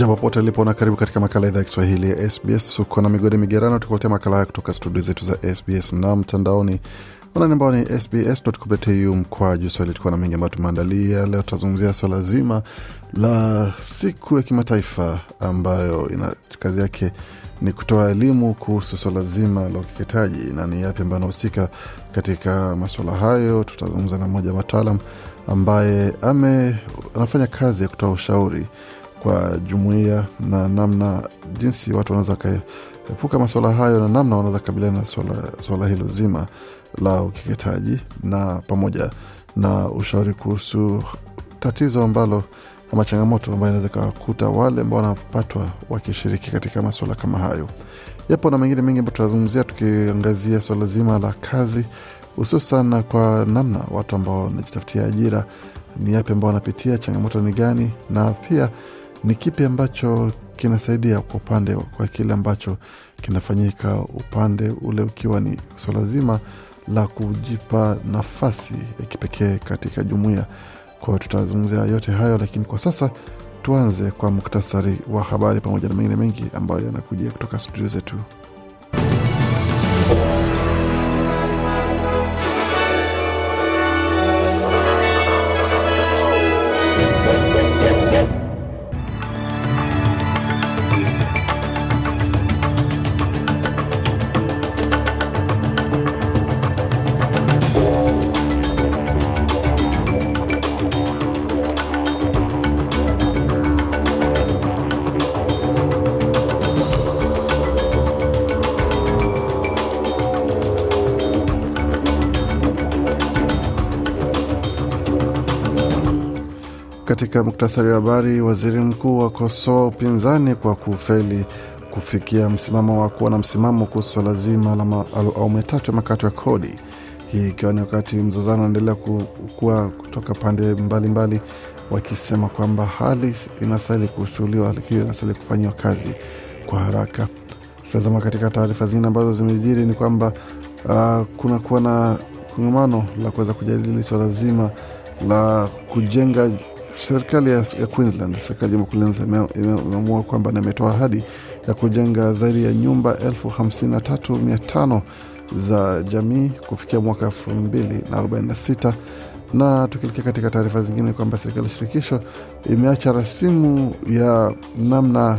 Jambo pote lipo na karibu katika makala idhaa ya Kiswahili ya SBS. Uko na migodi migerano, tukuletea makala haya kutoka studio zetu za SBS na mtandaoni anani ambao ni sbs.com.au juu swahili. Tukuwa na mengi ambayo tumeandalia leo. Tutazungumzia swala zima la siku ya kimataifa ambayo ina kazi yake ni kutoa elimu kuhusu swala zima la ukeketaji na ni yapi ambayo anahusika katika maswala hayo. Tutazungumza na mmoja wa wataalam ambaye ame anafanya kazi ya kutoa ushauri kwa jumuia na namna jinsi watu wanaweza kaepuka masuala hayo na namna wanaweza kabiliana na suala hilo zima la ukeketaji na pamoja na ushauri kuhusu tatizo ambalo ama changamoto ambayo inaweza kawakuta wale ambao wanapatwa wakishiriki katika masuala kama hayo. Yapo na mengine mengi ambayo tunazungumzia tukiangazia swala zima la kazi, hususan kwa namna watu ambao wanajitafutia ajira, ni yapi ambao wanapitia, changamoto ni gani, na pia ni kipi ambacho kinasaidia kwa upande kwa kile ambacho kinafanyika upande ule, ukiwa ni swala zima la kujipa nafasi ya kipekee katika jumuiya. Kwa hiyo tutazungumzia yote hayo, lakini kwa sasa tuanze kwa muktasari wa habari pamoja na mengine mengi ambayo yanakujia kutoka studio zetu. Katika muktasari wa habari, waziri mkuu wakosoa upinzani kwa kufeli kufikia msimamo wa kuwa na msimamo kuhusu swala zima la awamu ya tatu ya makato ya kodi, hii ikiwa ni wakati mzozano unaendelea kukua kutoka pande mbalimbali mbali, wakisema kwamba hali inastahili kushughuliwa, lakini inastahili kufanyiwa kazi kwa haraka. Tutazama katika taarifa zingine ambazo zimejiri ni kwamba uh, ah, kunakuwa na kongamano la kuweza kujadili swala zima la kujenga serikali ya, ya Queensland, serikali ya Queensland imeamua kwamba nametoa imetoa ahadi ya kujenga zaidi ya nyumba elfu hamsini na tatu mia tano za jamii kufikia mwaka elfu mbili na arobaini na sita na tukielekea katika taarifa zingine kwamba serikali ya shirikisho imeacha rasimu ya namna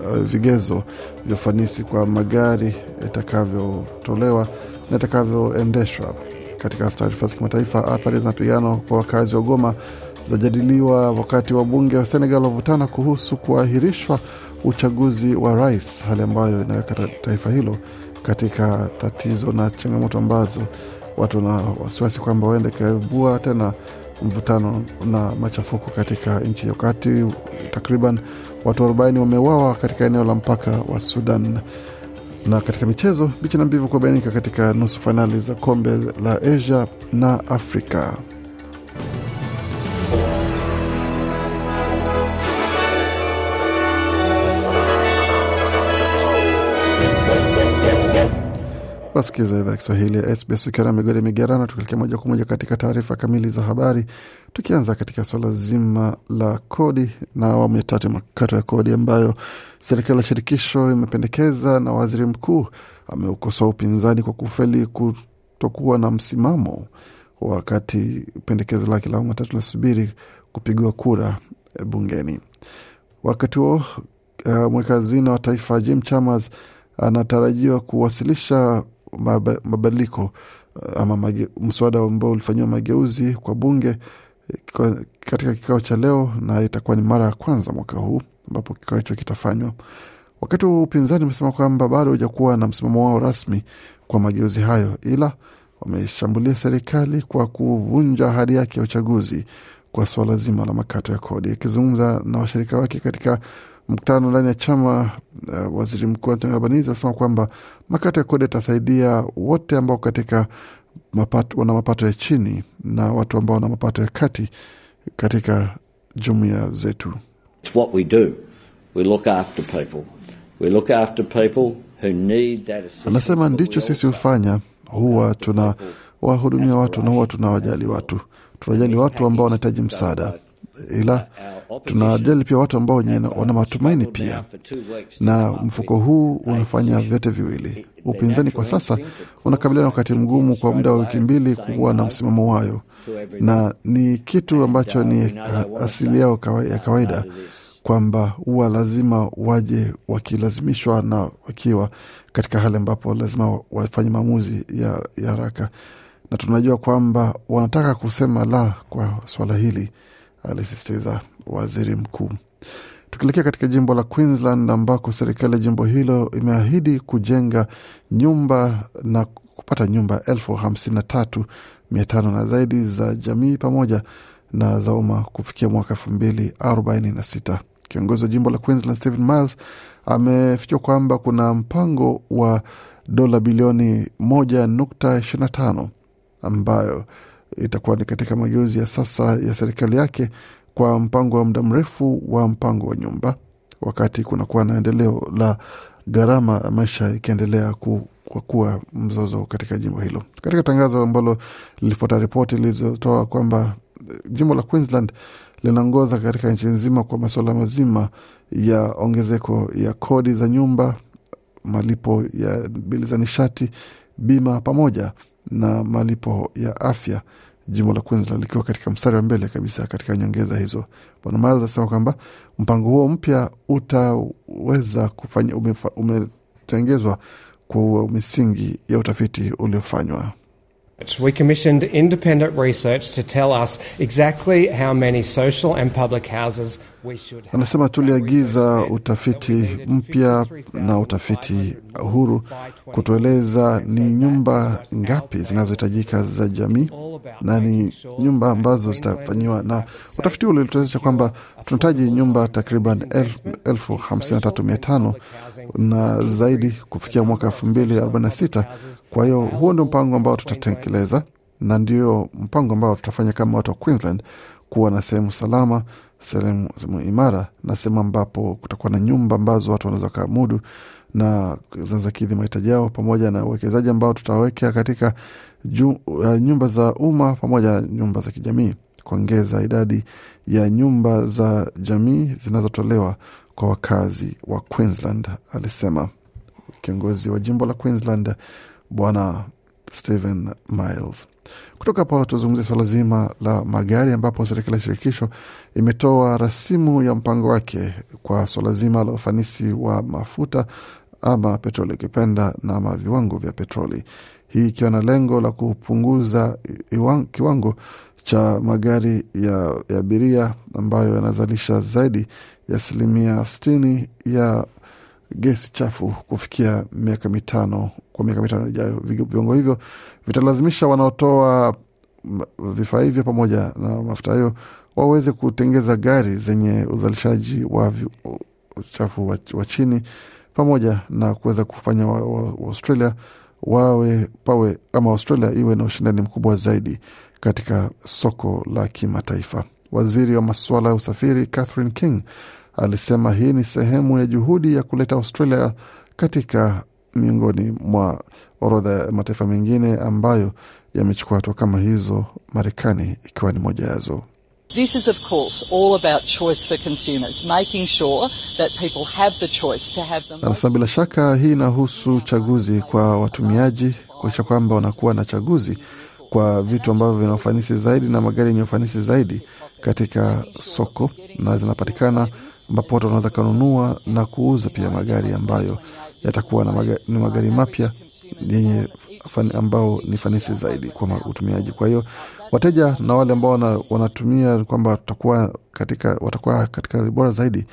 uh, vigezo vya ufanisi kwa magari itakavyotolewa na itakavyoendeshwa. Katika taarifa za kimataifa, athari za mapigano kwa wakazi wa Goma zajadiliwa wakati wa bunge wa Senegal wavutana kuhusu kuahirishwa uchaguzi wa rais, hali ambayo inaweka taifa hilo katika tatizo na changamoto ambazo watu wana wasiwasi kwamba huenda ikaibua tena mvutano na machafuko katika nchi hiyo. Wakati takriban watu 40 wameuawa katika eneo la mpaka wa Sudan. Na katika michezo, bichi na mbivu kubainika katika nusu fainali za kombe la Asia na Afrika. Wasikiliza idhaa Kiswahili ya SBS ukiwa na migode migerano, moja kwa moja katika taarifa kamili za habari, tukianza katika suala zima la kodi na awamu ya tatu makato ya kodi ambayo serikali ya shirikisho imependekeza na waziri mkuu ameukosoa upinzani kwa kufeli kutokuwa na msimamo wakati pendekezo lake la awamu ya tatu subiri kupigwa kura eh, bungeni. Wakati huo uh, mweka hazina wa taifa Jim Chalmers anatarajiwa kuwasilisha mabadiliko eh, ama mswada ambao ulifanyiwa mageuzi kwa bunge katika kikao cha leo, na itakuwa ni mara ya kwanza mwaka huu ambapo kikao hicho kitafanywa. Wakati wa upinzani umesema kwamba bado hujakuwa na msimamo wao rasmi kwa mageuzi hayo, ila wameshambulia serikali kwa kuvunja ahadi yake ya uchaguzi kwa suala zima la makato ya kodi. Akizungumza na washirika wake katika mkutano ndani ya chama uh, waziri mkuu Antoni Albanizi alisema kwamba makato ya kodi yatasaidia wote ambao katika mapato, wana mapato ya chini na watu ambao wana mapato ya kati katika jumuia zetu. Anasema ndicho sisi hufanya, huwa tuna wahudumia watu na huwa tunawajali watu, tunajali watu ambao wanahitaji msaada, ila tunawajali pia watu ambao wenye wana matumaini pia, na mfuko huu unafanya vyote viwili. Upinzani kwa sasa unakabiliana wakati mgumu kwa muda wa wiki mbili kuwa na msimamo wayo, na ni kitu ambacho uh, ni asili yao ya kawaida kwamba huwa lazima waje wakilazimishwa na wakiwa katika hali ambapo lazima wafanye maamuzi ya haraka, na tunajua kwamba wanataka kusema la kwa swala hili alisisitiza waziri mkuu. Tukielekea katika jimbo la Queensland ambako serikali ya jimbo hilo imeahidi kujenga nyumba na kupata nyumba elfu hamsini na tatu mia tano na zaidi za jamii pamoja na za umma kufikia mwaka elfu mbili arobaini na sita. Kiongozi wa jimbo la Queensland Stephen Miles amefichua kwamba kuna mpango wa dola bilioni moja nukta ishirini na tano ambayo itakuwa ni katika mageuzi ya sasa ya serikali yake kwa mpango wa muda mrefu wa mpango wa nyumba, wakati kunakuwa na endeleo la gharama maisha ikiendelea ku kwa kuwa mzozo katika jimbo hilo. Katika tangazo ambalo lilifuata ripoti lilizotoa kwamba eh, jimbo la Queensland linaongoza katika nchi nzima kwa masuala mazima ya ongezeko ya kodi za nyumba, malipo ya bili za nishati, bima pamoja na malipo ya afya, jimbo la Queensland likiwa katika mstari wa mbele kabisa katika nyongeza hizo. Bwana Miles asema kwamba mpango huo mpya utaweza kufanya umetengezwa kwa misingi ya utafiti uliofanywa. We commissioned independent research to tell us exactly how many social and public houses we should have. Anasema tuliagiza utafiti mpya na utafiti huru kutueleza ni nyumba ngapi zinazohitajika za jamii na ni nyumba ambazo zitafanyiwa, na utafiti ulituonyesha kwamba tunahitaji nyumba takriban elfu hamsini na tatu mia tano na zaidi kufikia mwaka elfu mbili arobaini na sita. Kwa hiyo huo ndio mpango ambao tutatekeleza na ndio mpango ambao tutafanya kama watu wa Queensland kuwa na sehemu salama, sehemu imara na sehemu ambapo kutakuwa na nyumba ambazo watu wanaweza wakaamudu na kidhi mahitaji yao pamoja na uwekezaji ambao tutawekea katika ju, uh, nyumba za umma pamoja na nyumba za kijamii, kuongeza idadi ya nyumba za jamii zinazotolewa kwa wakazi wa Queensland, alisema kiongozi wa jimbo la Queensland Bwana stehen Miles. Kutoka hapo tuzungumzia swala zima la magari, ambapo serikali ya shirikisho imetoa rasimu ya mpango wake kwa swala zima la ufanisi wa mafuta ama petroli ukipenda na ama viwango vya petroli, hii ikiwa na lengo la kupunguza kiwango cha magari ya abiria ambayo yanazalisha zaidi ya asilimia st ya gesi chafu kufikia miaka mitano kwa miaka mitano ijayo. Viwango hivyo vitalazimisha wanaotoa vifaa hivyo pamoja na mafuta hayo waweze kutengeza gari zenye uzalishaji wa uchafu wa chini pamoja na kuweza kufanya wa, wa, wa Australia wawe pawe ama Australia iwe na ushindani mkubwa zaidi katika soko la kimataifa. Waziri wa masuala ya usafiri Catherine King alisema hii ni sehemu ya juhudi ya kuleta Australia katika miongoni mwa orodha ya mataifa mengine ambayo yamechukua hatua kama hizo, Marekani ikiwa ni moja yazo. This is of course all about choice for consumers, making sure that people have the choice to have them. Anasema bila shaka hii inahusu chaguzi kwa watumiaji, kuakisha kwamba wanakuwa na chaguzi kwa vitu ambavyo vina ufanisi zaidi na magari yenye ufanisi zaidi katika soko na zinapatikana ambapo watu wanaweza kununua na kuuza pia magari ambayo yatakuwa na magari, ni magari mapya yenye ambao ni fanisi zaidi kwa utumiaji. Kwa hiyo wateja na wale ambao wana, wanatumia kwamba tutakuwa katika, watakuwa katika hali bora zaidi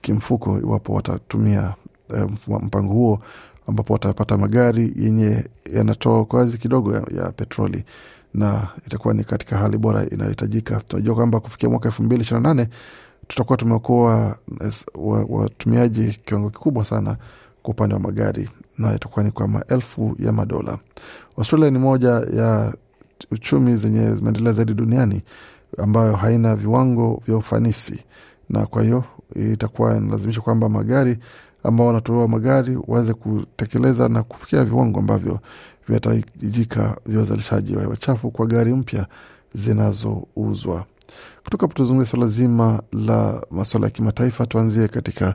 kimfuko iwapo watatumia eh, mpango huo ambapo watapata magari yenye yanatoa kazi kidogo ya, ya petroli na itakuwa ni katika hali bora inayohitajika. Tunajua kwamba kufikia mwaka elfu mbili ishirini na nane tutakuwa tumekuwa eh, watumiaji kiwango kikubwa sana kwa upande wa magari na itakuwa ni kwa maelfu ya madola. Australia ni moja ya uchumi zenye zimeendelea zaidi duniani ambayo haina viwango vya ufanisi, na kwa hiyo itakuwa inalazimisha kwamba magari ambao wanatoa magari waweze kutekeleza na kufikia viwango ambavyo vinahitajika vya uzalishaji wa hewa chafu kwa gari mpya zinazouzwa. Kutoka hapo tuzungumzia zima la masuala ya kimataifa. Tuanzie katika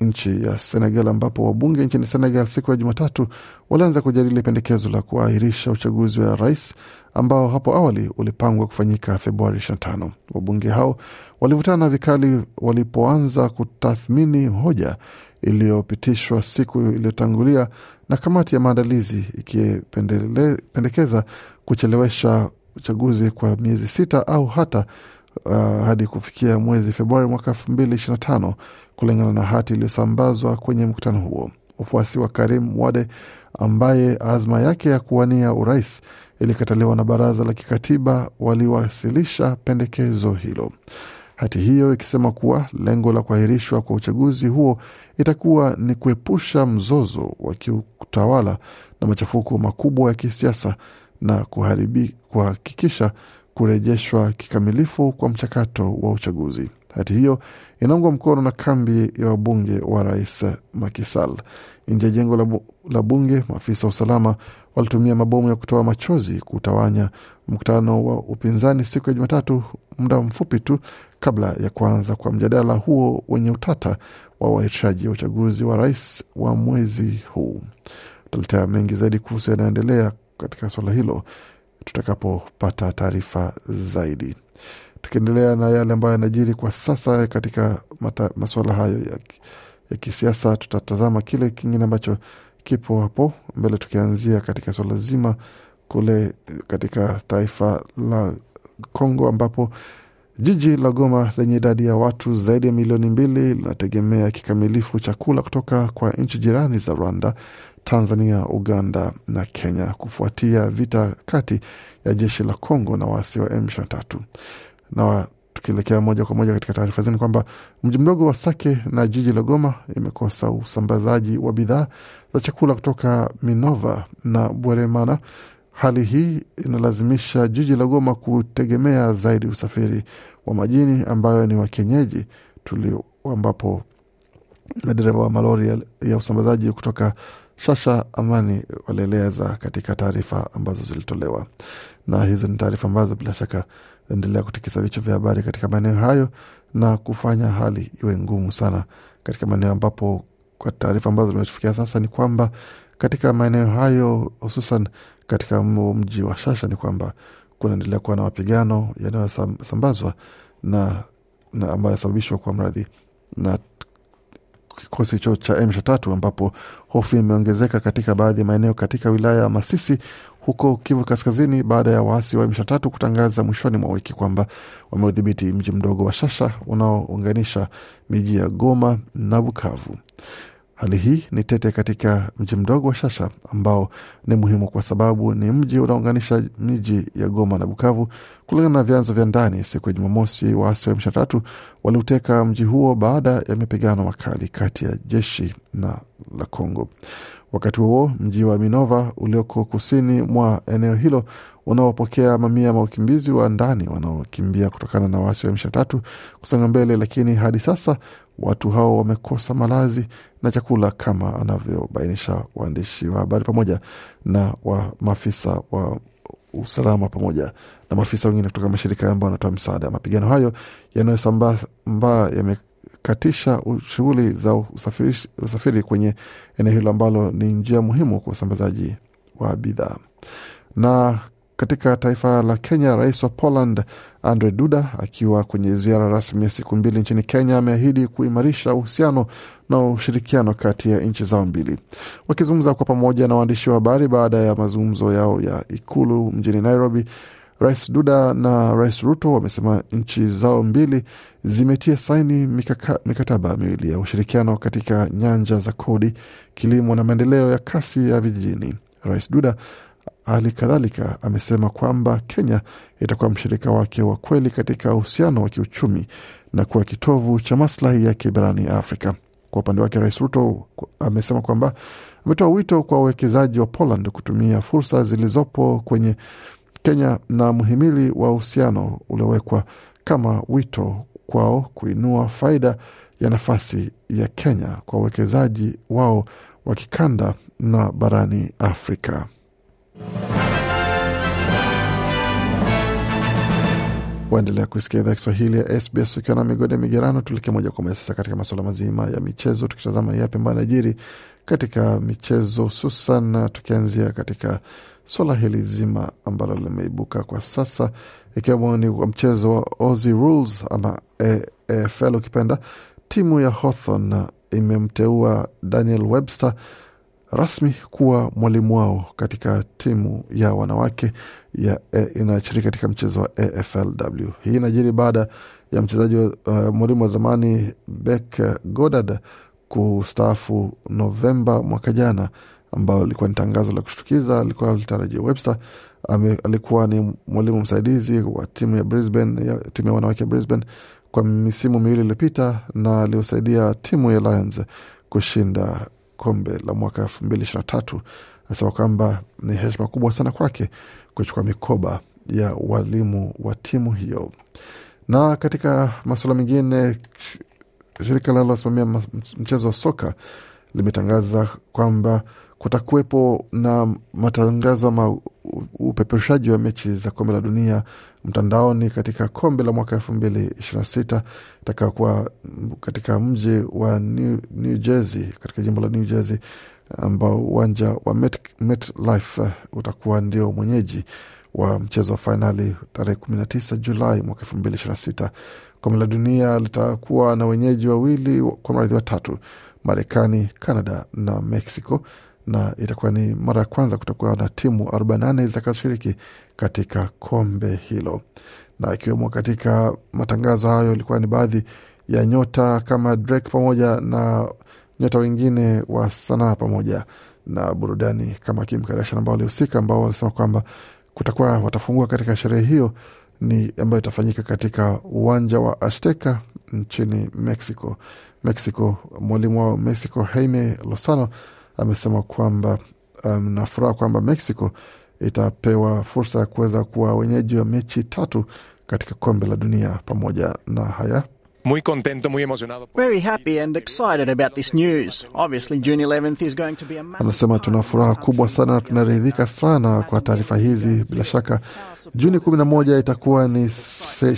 nchi ya Senegal, ambapo wabunge nchini Senegal siku ya Jumatatu walianza kujadili pendekezo la kuahirisha uchaguzi wa rais ambao hapo awali ulipangwa kufanyika Februari 25. Wabunge hao walivutana vikali walipoanza kutathmini hoja iliyopitishwa siku iliyotangulia na kamati ya maandalizi ikipendekeza kuchelewesha uchaguzi kwa miezi sita au hata uh, hadi kufikia mwezi Februari mwaka tano kulingana na hati iliyosambazwa kwenye mkutano huo. Wafuasi wa Karim Wade ambaye azma yake ya kuwania urais ilikataliwa na baraza la kikatiba waliwasilisha pendekezo hilo, hati hiyo ikisema kuwa lengo la kuahirishwa kwa uchaguzi huo itakuwa ni kuepusha mzozo wa kiutawala na machafuko makubwa ya kisiasa na kuharibi kuhakikisha kurejeshwa kikamilifu kwa mchakato wa uchaguzi. Hati hiyo inaungwa mkono na kambi ya wabunge wa rais Makisal. Nje ya jengo la, bu la bunge, maafisa wa usalama walitumia mabomu ya kutoa machozi kutawanya mkutano wa upinzani siku ya Jumatatu, muda mfupi tu kabla ya kuanza kwa mjadala huo wenye utata wa uahirishaji wa uchaguzi wa rais wa mwezi huu. Tutaletea mengi zaidi kuhusu yanayoendelea katika suala hilo tutakapopata taarifa zaidi tukiendelea na yale ambayo yanajiri kwa sasa katika mata, masuala hayo ya, ya kisiasa, tutatazama kile kingine ambacho kipo hapo mbele, tukianzia katika suala zima kule eh, katika taifa la congo ambapo jiji la Goma lenye idadi ya watu zaidi ya milioni mbili linategemea kikamilifu chakula kutoka kwa nchi jirani za Rwanda, Tanzania, Uganda na Kenya kufuatia vita kati ya jeshi la congo na waasi wa m 3 na tukielekea moja kwa moja katika taarifa zini kwamba mji mdogo wa Sake na jiji la Goma imekosa usambazaji wa bidhaa za chakula kutoka Minova na Bweremana. Hali hii inalazimisha jiji la Goma kutegemea zaidi usafiri wa majini ambayo ni wakenyeji tulio, ambapo madereva wa malori ya, ya usambazaji kutoka Shasha Amani walieleza katika taarifa ambazo zilitolewa, na hizo ni taarifa ambazo bila shaka endelea kutikisa vichwa vya habari katika maeneo hayo na kufanya hali iwe ngumu sana katika maeneo ambapo, kwa taarifa ambazo zimetufikia sasa, ni kwamba katika maeneo hayo hususan katika mji wa Shasha ni kwamba kunaendelea kuwa na mapigano yanayosambazwa na, na ambayo yasababishwa kwa mradhi na kikosi hicho cha M23 ambapo hofu imeongezeka katika baadhi ya maeneo katika wilaya ya Masisi huko Kivu Kaskazini baada ya waasi wa M23 kutangaza mwishoni mwa wiki kwamba wameudhibiti mji mdogo wa Shasha unaounganisha miji ya Goma na Bukavu. Hali hii ni tete katika mji mdogo wa Shasha ambao ni muhimu kwa sababu ni mji unaounganisha miji ya Goma na Bukavu. Kulingana na vyanzo vya ndani, siku ya Jumamosi, waasi wa M23 waliuteka mji huo baada ya mapigano makali kati ya jeshi na la congo Wakati huo mji wa Minova ulioko kusini mwa eneo hilo unaopokea mamia ya wakimbizi wa ndani wanaokimbia kutokana na waasi wa M23 kusonga mbele, lakini hadi sasa watu hao wamekosa malazi na chakula, kama anavyobainisha waandishi wa habari pamoja na wa maafisa wa usalama pamoja na maafisa wengine kutoka mashirika ambao wanatoa msaada. Mapigano hayo yanayosambaa yame kukatisha shughuli za usafiri, usafiri kwenye eneo hilo ambalo ni njia muhimu kwa usambazaji wa bidhaa. Na katika taifa la Kenya, rais wa Poland Andre Duda akiwa kwenye ziara rasmi ya siku mbili nchini Kenya ameahidi kuimarisha uhusiano na ushirikiano kati ya nchi zao mbili. Wakizungumza kwa pamoja na waandishi wa habari baada ya mazungumzo yao ya ikulu mjini Nairobi, Rais Duda na Rais Ruto wamesema nchi zao mbili zimetia saini mikaka, mikataba miwili ya ushirikiano katika nyanja za kodi, kilimo na maendeleo ya kasi ya vijijini. Rais Duda hali kadhalika amesema kwamba Kenya itakuwa mshirika wake wa kweli katika uhusiano wa kiuchumi na kuwa kitovu cha maslahi yake barani Afrika. Kwa upande wake, Rais Ruto amesema kwamba ametoa wito kwa wawekezaji wa Poland kutumia fursa zilizopo kwenye Kenya na mhimili wa uhusiano uliowekwa kama wito kwao kuinua faida ya nafasi ya Kenya kwa uwekezaji wao wa kikanda na barani Afrika. Waendelea kuisikia idhaa Kiswahili ya SBS ukiwa na migode migerano. Tuelekee moja kwa moja sasa katika masuala mazima ya michezo, tukitazama yapi ambayo anajiri katika michezo, hususan tukianzia katika swala hili zima ambalo limeibuka kwa sasa, ikiwemo ni kwa mchezo wa Aussie Rules ama AFL ukipenda. Timu ya Hawthorn imemteua Daniel Webster rasmi kuwa mwalimu wao katika timu ya wanawake ya e, inayoshiriki katika mchezo wa AFLW. Hii inajiri baada ya mchezaji uh, mwalimu wa zamani Beck Goddard kustaafu Novemba mwaka jana ambao likuwa ni tangazo la kushtukiza. Alikuwa litarajia Webster ame, alikuwa ni mwalimu msaidizi wa timu ya Brisbane, ya timu ya wanawake ya Brisbane kwa misimu miwili iliyopita na aliosaidia timu ya Lions kushinda kombe la mwaka elfu mbili ishirini na tatu. Anasema kwamba ni heshima kubwa sana kwake kuchukua mikoba ya walimu wa timu hiyo. Na katika masuala mengine, shirika linalosimamia mchezo wa soka limetangaza kwamba kutakuwepo na matangazo ama upeperushaji wa mechi za kombe la dunia mtandaoni katika kombe la mwaka elfu mbili ishirini na sita itakaokuwa katika mji wa New, New Jersey katika jimbo la New Jersey ambao uwanja wa MetLife Met uh, utakuwa ndio mwenyeji wa mchezo wa fainali tarehe kumi na tisa Julai mwaka elfu mbili ishirini na sita. Kombe la dunia litakuwa na wenyeji wawili kwa mradhi watatu, Marekani, Canada na Mexico na itakuwa ni mara ya kwanza kutakuwa na timu 48 zitakazoshiriki katika kombe hilo, na ikiwemo katika matangazo hayo ilikuwa ni baadhi ya nyota kama Drake pamoja na nyota wengine wa sanaa pamoja na burudani kama Kim Kardashian ambao walihusika, ambao walisema kwamba kutakuwa watafungua katika sherehe hiyo ni ambayo itafanyika katika uwanja wa Azteca nchini Mexico. Mexico mwalimu wao Mexico Jaime Lozano amesema kwamba um, nafuraha kwamba Mexico itapewa fursa ya kuweza kuwa wenyeji wa mechi tatu katika kombe la dunia. Pamoja na haya Muy contento, muy emocionado. Very happy and excited about this news. Obviously June 11th is going to be a massive... Anasema tuna furaha kubwa sana na tunaridhika sana kwa taarifa hizi. Bila shaka Juni 11 itakuwa ni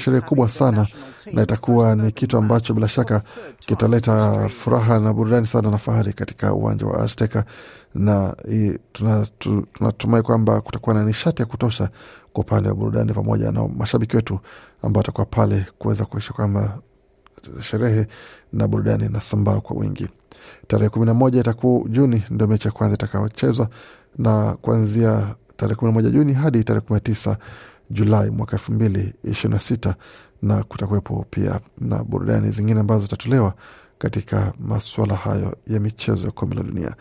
sherehe kubwa sana na itakuwa ni kitu ambacho bila shaka kitaleta furaha na burudani sana na fahari katika uwanja wa Azteca, na tunatumai tuna, tuna kwamba kutakuwa na nishati ya kutosha kwa upande wa burudani pamoja na mashabiki wetu ambao watakuwa pale kuweza kuisha kwamba sherehe na burudani na kwa wingi. Tarehe kumi na moja itakuwa Juni ndio mechi ya kwanza itakayochezwa na kuanzia tarehe kumi na moja Juni hadi tarehe kumi na tisa Julai mwaka elfu mbili ishirini na sita na kutakuwepo pia na burudani zingine ambazo zitatolewa katika masuala hayo ya michezo ya kombe la dunia.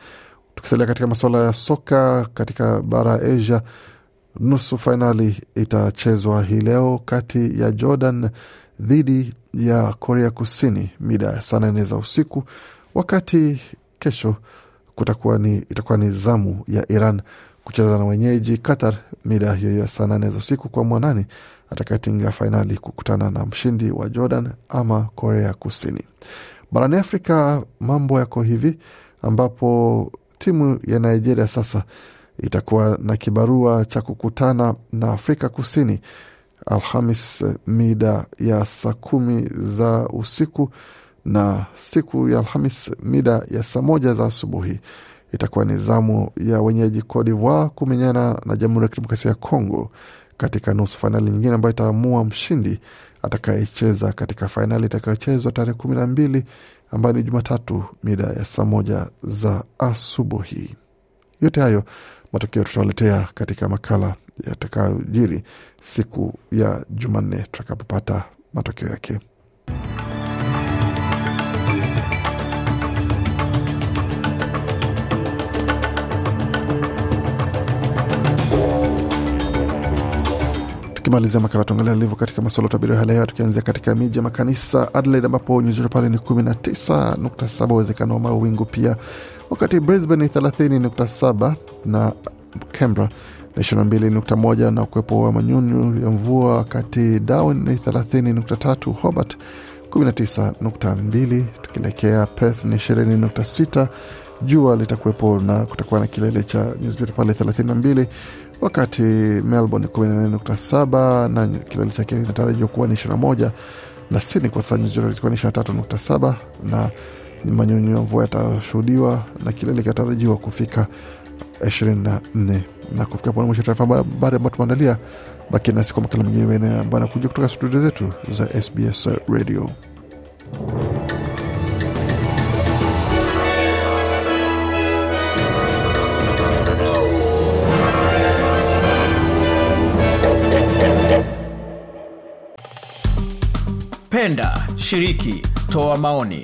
Tukisalia katika masuala ya soka katika bara ya Asia, Nusu fainali itachezwa hii leo kati ya Jordan dhidi ya Korea Kusini mida ya saa nane za usiku, wakati kesho kutakuwa ni, itakuwa ni zamu ya Iran kucheza na wenyeji Qatar mida hiyo ya saa nane za usiku kwa mwanani atakayetinga fainali kukutana na mshindi wa Jordan ama Korea Kusini. Barani Afrika mambo yako hivi, ambapo timu ya Nigeria sasa itakuwa na kibarua cha kukutana na Afrika Kusini Alhamis eh, mida ya saa kumi za usiku na siku ya Alhamis mida ya saa moja za asubuhi itakuwa ni zamu ya wenyeji Cote d'Ivoire kumenyana na Jamhuri ya Kidemokrasia ya Kongo katika nusu fainali nyingine ambayo itaamua mshindi atakayecheza katika fainali itakayochezwa tarehe kumi na mbili ambayo ni Jumatatu mida ya saa moja za asubuhi. Yote hayo matokeo tutawaletea katika makala yatakayojiri siku ya Jumanne tutakapopata matokeo yake. Tukimalizia makala tuangalia alivyo katika masuala utabiri wa hali ya hewa, tukianzia katika miji ya makanisa Adelaide, ambapo nyuzi joto pale ni 19.7, uwezekano wa mawingu pia wakati Brisbane 30.7 na Canberra 22.1 na kuwepo wa manyunyu ya mvua, wakati Darwin ni 30.3, Hobart 19.2, tukielekea Perth ni 20.6. Jua litakuwepo na kutakuwa na kilele cha nyuzi joto pale 32, wakati Melbourne 14.7 na kilele chake kinatarajiwa kuwa ni 21, na Sydney kwa sasa nyuzi joto litakuwa ni 23.7 na manyunyu yatashuhudiwa na kilele kinatarajiwa kufika 24 na kufika pona mwisho taarifa habari ambayo tumeandalia. Baki nasi kwa makala mengine mene ambayo anakuja kutoka studio zetu za SBS Radio. Penda, shiriki, toa maoni